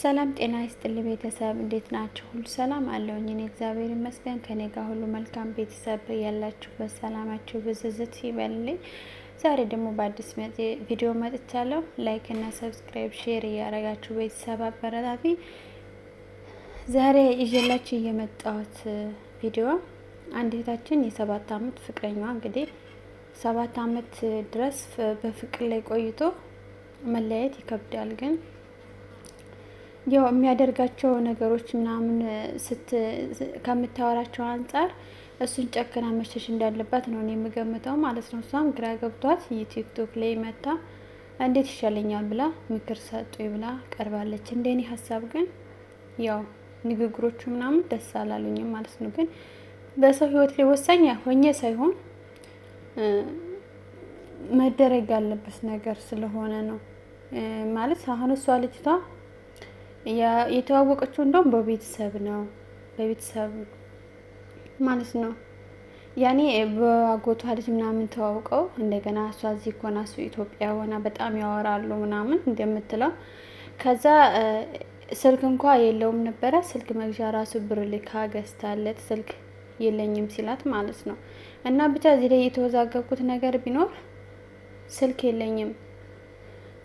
ሰላም ጤና ይስጥል ቤተሰብ እንዴት ናችሁ? ሁሉ ሰላም አለውኝ። እኔ እግዚአብሔር ይመስገን ከኔ ጋር ሁሉ መልካም። ቤተሰብ ያላችሁበት ሰላማችሁ ብዝዝት ይበልልኝ። ዛሬ ደግሞ በአዲስ ቪዲዮ መጥቻለሁ። ላይክ እና ሰብስክራይብ፣ ሼር እያደረጋችሁ ቤተሰብ አበረታቢ። ዛሬ ይዤላችሁ የመጣሁት ቪዲዮ አንድ እህታችን የሰባት አመት ፍቅረኛዋ እንግዲህ ሰባት አመት ድረስ በፍቅር ላይ ቆይቶ መለያየት ይከብዳል ግን ያው የሚያደርጋቸው ነገሮች ምናምን ስት ከምታወራቸው አንጻር እሱን ጨክና መሸሽ እንዳለባት ነው እኔ የምገምተው ማለት ነው። እሷም ግራ ገብቷት የቲክቶክ ላይ መታ እንዴት ይሻለኛል ብላ ምክር ሰጡ ብላ ቀርባለች። እንደኔ ሀሳብ ግን ያው ንግግሮቹ ምናምን ደስ አላሉኝም ማለት ነው። ግን በሰው ህይወት ላይ ወሳኝ ሆኜ ሳይሆን መደረግ ያለበት ነገር ስለሆነ ነው ማለት አሁን እሷ ልጅቷ የተዋወቀችው እንደውም በቤተሰብ ነው በቤተሰብ ማለት ነው። ያኔ በአጎቷ ልጅ ምናምን ተዋውቀው እንደገና እሷ እዚህ ኮና እሱ ኢትዮጵያ ሆና በጣም ያወራሉ ምናምን እንደምትለው ከዛ ስልክ እንኳ የለውም ነበረ። ስልክ መግዣ ራሱ ብር ልካ ገዝታለት ስልክ የለኝም ሲላት ማለት ነው። እና ብቻ እዚህ ላይ የተወዛገብኩት ነገር ቢኖር ስልክ የለኝም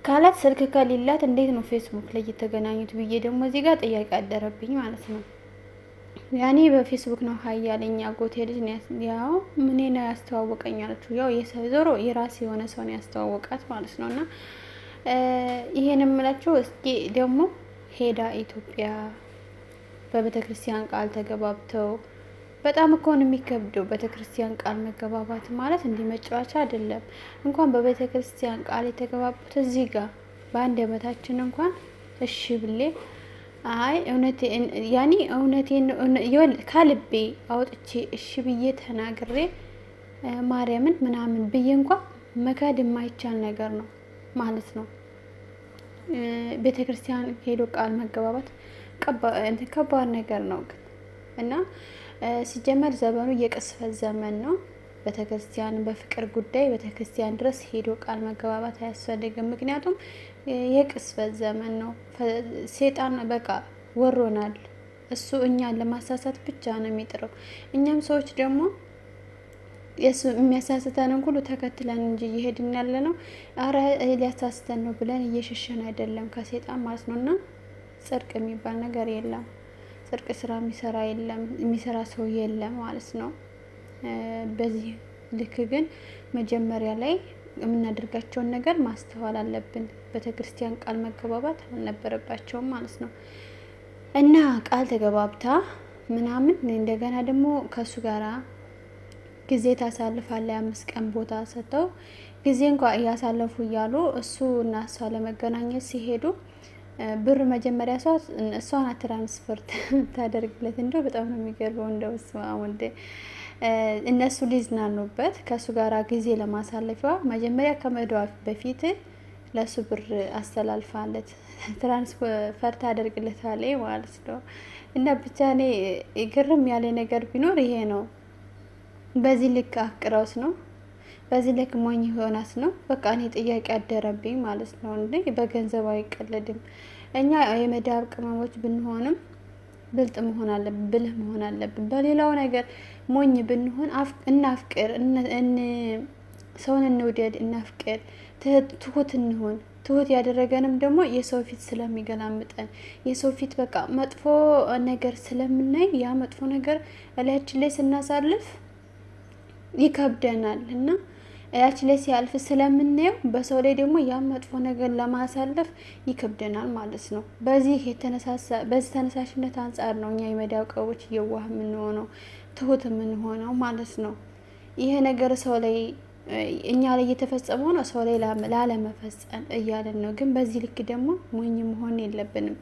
ካላት ስልክ ከሌላት እንዴት ነው ፌስቡክ ላይ የተገናኙት ብዬ ደግሞ እዚህ ጋር ጥያቄ አደረብኝ ማለት ነው። ያኔ በፌስቡክ ነው ሀያለኝ አጎቴ ልጅ ያው ምኔ ነው ያስተዋወቀኝ አለችው። ያው ዞሮ የራስ የሆነ ሰውን ያስተዋወቃት ማለት ነው። እና ይሄን የምላቸው እስኪ ደግሞ ሄዳ ኢትዮጵያ በቤተክርስቲያን ቃል ተገባብተው በጣም እኮ ነው የሚከብደው። ቤተክርስቲያን ቃል መገባባት ማለት እንዲህ መጫወቻ አይደለም። እንኳን በቤተክርስቲያን ቃል የተገባቡት እዚህ ጋር በአንድ አመታችን እንኳን እሺ ብሌ አይ እውነቴ ያኔ እውነቴ ከልቤ አውጥቼ እሺ ብዬ ተናግሬ ማርያምን ምናምን ብዬ እንኳን መካድ የማይቻል ነገር ነው ማለት ነው። ቤተክርስቲያን ሄዶ ቃል መገባባት ከባድ ነገር ነው ግን እና ሲጀመር ዘመኑ የቅስፈት ዘመን ነው። ቤተክርስቲያን በፍቅር ጉዳይ ቤተክርስቲያን ድረስ ሄዶ ቃል መገባባት አያስፈልግም። ምክንያቱም የቅስፈት ዘመን ነው። ሴጣን በቃ ወሮናል። እሱ እኛን ለማሳሳት ብቻ ነው የሚጥረው። እኛም ሰዎች ደግሞ የሚያሳስተንን ሁሉ ተከትለን እንጂ እየሄድን ያለ ነው። አረ ሊያሳስተን ነው ብለን እየሸሸን አይደለም ከሴጣን ማለት ነው። እና ጽድቅ የሚባል ነገር የለም። ጨርቅ ስራ የሚሰራ የለም የሚሰራ ሰው የለም ማለት ነው። በዚህ ልክ ግን መጀመሪያ ላይ የምናደርጋቸውን ነገር ማስተዋል አለብን። ቤተክርስቲያን ቃል መገባባት አልነበረባቸውም ማለት ነው እና ቃል ተገባብታ ምናምን እንደገና ደግሞ ከእሱ ጋራ ጊዜ ታሳልፋለ። አምስት ቀን ቦታ ሰጥተው ጊዜ እንኳ እያሳለፉ እያሉ እሱ እና እሷ ለመገናኘት ሲሄዱ ብር መጀመሪያ ሰዋት እሷን ትራንስፈር ታደርግለት። እንደው በጣም ነው የሚገርበው። እንደው ስማሙንዴ እነሱ ሊዝናኑበት ከእሱ ጋር ጊዜ ለማሳለፊዋ መጀመሪያ ከመድዋ በፊት ለእሱ ብር አስተላልፋለት ትራንስፈር ታደርግለታለች ማለት ነው። እና ብቻ እኔ ግርም ያለ ነገር ቢኖር ይሄ ነው። በዚህ ልክ አቅረውት ነው በዚህ ልክ ሞኝ ሆናስ ነው። በቃ እኔ ጥያቄ አደረብኝ ማለት ነው እንዴ። በገንዘብ አይቀለድም። እኛ የመዳብ ቅመሞች ብንሆንም ብልጥ መሆን አለብን፣ ብልህ መሆን አለብን። በሌላው ነገር ሞኝ ብንሆን እናፍቅር፣ ሰውን እንውደድ፣ እናፍቅር፣ ትሁት እንሆን። ትሁት ያደረገንም ደግሞ የሰው ፊት ስለሚገላምጠን የሰው ፊት በቃ መጥፎ ነገር ስለምናይ ያ መጥፎ ነገር እላያችን ላይ ስናሳልፍ ይከብደናል እና ያች ላይ ሲያልፍ ስለምናየው በሰው ላይ ደግሞ ያ መጥፎ ነገር ለማሳለፍ ይከብደናል ማለት ነው። በዚህ ተነሳሽነት አንጻር ነው እኛ የመዳው ቀቦች እየዋህ የምንሆነው ትሁት የምንሆነው ማለት ነው። ይሄ ነገር ሰው ላይ እኛ ላይ እየተፈጸመው ነው ሰው ላይ ላለመፈጸም እያለን ነው። ግን በዚህ ልክ ደግሞ ሞኝ መሆን የለብንም፣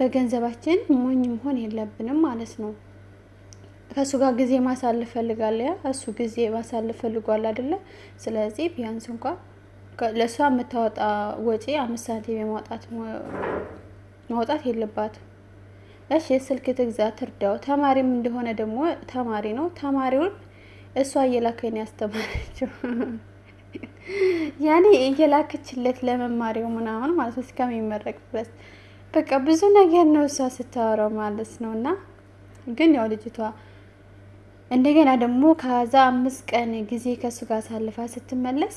በገንዘባችን ሞኝ መሆን የለብንም ማለት ነው። ከእሱ ጋር ጊዜ ማሳለፍ ፈልጋለ። ያ እሱ ጊዜ ማሳለፍ ፈልጓል አይደለ? ስለዚህ ቢያንስ እንኳ ለእሷ የምታወጣ ወጪ አምስት ሳንቲም የማውጣት ማውጣት የለባትም። እሺ ስልክ ትግዛ፣ ትርዳው። ተማሪም እንደሆነ ደግሞ ተማሪ ነው። ተማሪውን እሷ እየላከኝ ያስተማረችው ያኔ እየላከችለት ለመማሪው ምናምን ማለት ነው እስከሚመረቅ ድረስ በቃ ብዙ ነገር ነው እሷ ስታወራው ማለት ነው። እና ግን ያው ልጅቷ እንደገና ደግሞ ከዛ አምስት ቀን ጊዜ ከእሱ ጋር አሳልፋ ስትመለስ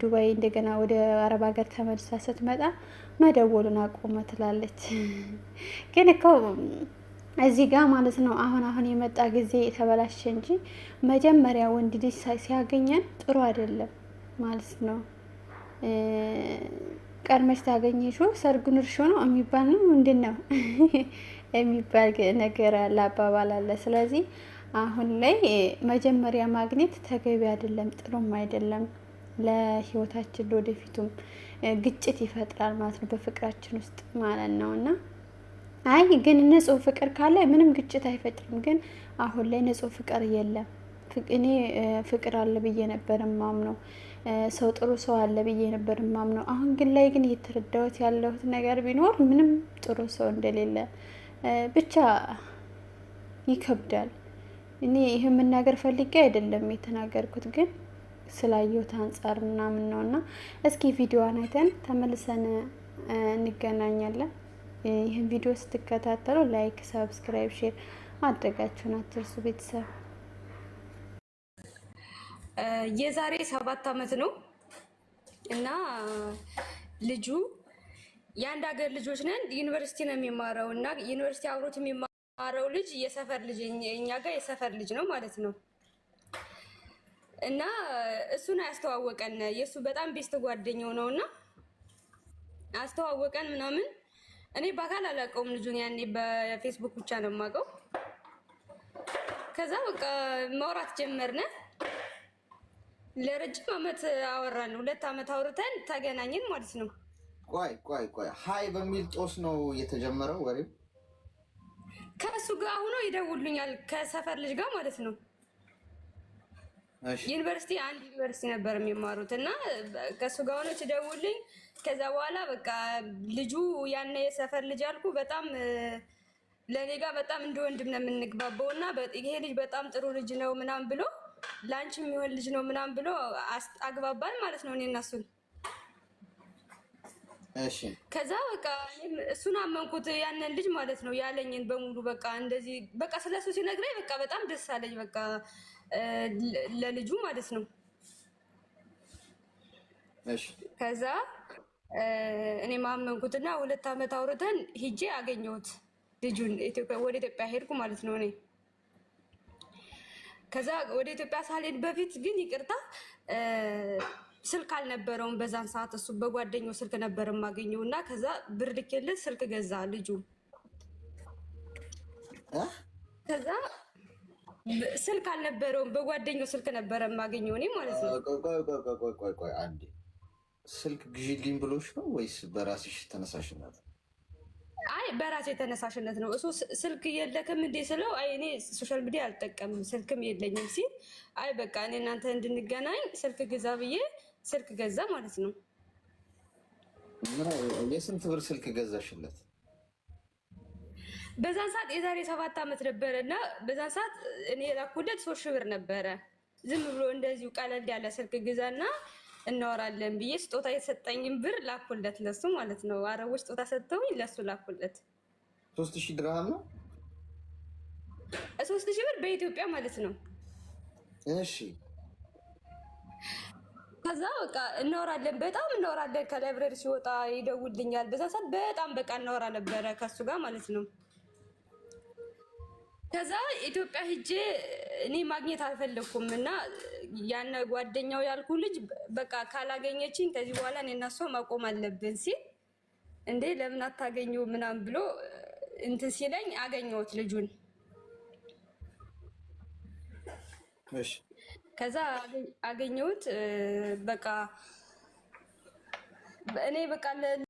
ዱባይ እንደገና ወደ አረብ ሀገር ተመልሳ ስትመጣ መደወሉን አቆመ ትላለች። ግን እኮ እዚህ ጋር ማለት ነው አሁን አሁን የመጣ ጊዜ የተበላሸ እንጂ መጀመሪያ ወንድ ልጅ ሲያገኘን ጥሩ አይደለም ማለት ነው። ቀድመሽ ታገኘሽው ሰርጉን እርሾ ነው የሚባል ነው ምንድን ነው የሚባል ነገር አለ፣ አባባል አለ። ስለዚህ አሁን ላይ መጀመሪያ ማግኘት ተገቢ አይደለም፣ ጥሩም አይደለም። ለህይወታችን ለወደፊቱም ግጭት ይፈጥራል ማለት ነው፣ በፍቅራችን ውስጥ ማለት ነው እና አይ ግን ንጹህ ፍቅር ካለ ምንም ግጭት አይፈጥርም። ግን አሁን ላይ ንጹህ ፍቅር የለም። እኔ ፍቅር አለ ብዬ ነበር ማምነው፣ ሰው ጥሩ ሰው አለ ብዬ ነበር ማምነው። አሁን ግን ላይ ግን እየተረዳሁት ያለሁት ነገር ቢኖር ምንም ጥሩ ሰው እንደሌለ ብቻ ይከብዳል። እኔ ይህ መናገር ፈልጌ አይደለም የተናገርኩት፣ ግን ስላየሁት አንጻር ምናምን ነው። እና እስኪ ቪዲዮዋን አይተን ተመልሰን እንገናኛለን። ይህን ቪዲዮ ስትከታተሉ ላይክ፣ ሰብስክራይብ፣ ሼር ማድረጋችሁን አትርሱ ቤተሰብ። የዛሬ ሰባት ዓመት ነው እና ልጁ የአንድ ሀገር ልጆች ነን። ዩኒቨርሲቲ ነው የሚማረው እና ዩኒቨርሲቲ አብሮት የሚማ አረው ልጅ የሰፈር ልጅ እኛ ጋር የሰፈር ልጅ ነው ማለት ነው። እና እሱን አያስተዋወቀን የእሱ በጣም ቤስት ጓደኛው ነው እና አስተዋወቀን ምናምን። እኔ በአካል አላውቀውም ልጁን፣ ያኔ በፌስቡክ ብቻ ነው የማውቀው። ከዛ በቃ ማውራት ጀመርነ። ለረጅም አመት አወራን፣ ሁለት አመት አውርተን ተገናኘን ማለት ነው። ቆይ ቆይ ቆይ ሀይ በሚል ጦስ ነው የተጀመረው ወሬም ከእሱ ጋር ሁኖ ይደውሉኛል፣ ከሰፈር ልጅ ጋር ማለት ነው። ዩኒቨርሲቲ አንድ ዩኒቨርሲቲ ነበር የሚማሩት እና ከእሱ ጋር ሆኖች ትደውልኝ። ከዛ በኋላ በቃ ልጁ ያነ የሰፈር ልጅ አልኩ በጣም ለእኔ ጋር በጣም እንደ ወንድም ነው የምንግባበው እና ይሄ ልጅ በጣም ጥሩ ልጅ ነው ምናምን ብሎ ለአንቺ የሚሆን ልጅ ነው ምናምን ብሎ አግባባል ማለት ነው እኔ እና እሱን ከዛ በቃ እሱን አመንኩት ያንን ልጅ ማለት ነው ያለኝን በሙሉ በቃ እንደዚህ በቃ ስለሱ ሲነግረኝ በቃ በጣም ደስ አለኝ። በቃ ለልጁ ማለት ነው። ከዛ እኔ ማመንኩትና ሁለት ዓመት አውርተን ሂጄ አገኘሁት ልጁን ወደ ኢትዮጵያ ሄድኩ ማለት ነው እኔ ከዛ ወደ ኢትዮጵያ ሳልሄድ በፊት ግን ይቅርታ ስልክ አልነበረውም በዛን ሰዓት። እሱ በጓደኛው ስልክ ነበር የማገኘው እና ከዛ ብር ልኬለት ስልክ ገዛ ልጁ። ከዛ ስልክ አልነበረውም በጓደኛው ስልክ ነበረ የማገኘው እኔ ማለት ነው። አንዴ ስልክ ግዢልኝ ብሎሽ ነው ወይስ በራስሽ ተነሳሽነት? አይ በራሴ ተነሳሽነት ነው። እሱ ስልክ የለክም እንዴ ስለው አይ እኔ ሶሻል ሚዲያ አልጠቀምም ስልክም የለኝም ሲል አይ በቃ እኔ እናንተ እንድንገናኝ ስልክ ግዛ ብዬ ስልክ ገዛ ማለት ነው። የስንት ብር ስልክ ገዛሽለት? በዛን ሰዓት የዛሬ ሰባት ዓመት ነበረ እና በዛን ሰዓት እኔ የላኩለት ሶስት ሺህ ብር ነበረ። ዝም ብሎ እንደዚሁ ቀለል ያለ ስልክ ግዛና እናወራለን ብዬ ስጦታ የሰጠኝን ብር ላኩለት ለሱ ማለት ነው። አረቦች ስጦታ ሰጥተውኝ ለሱ ላኩለት። ሶስት ሺህ ድርሃም ነው ሶስት ሺህ ብር በኢትዮጵያ ማለት ነው። እሺ ከዛ በቃ እናወራለን፣ በጣም እናወራለን። ከላይብረሪ ሲወጣ ይደውልኛል። በዛ ሰዓት በጣም በቃ እናወራ ነበረ ከሱ ጋር ማለት ነው። ከዛ ኢትዮጵያ ሂጄ እኔ ማግኘት አልፈለኩም እና ያነ ጓደኛው ያልኩ ልጅ በቃ ካላገኘችኝ ከዚህ በኋላ እኔ እና እሷ ማቆም አለብን ሲል እንዴ ለምን አታገኘው ምናምን ብሎ እንትን ሲለኝ አገኘሁት ልጁን። ከዛ አገኘሁት በቃ እኔ በቃ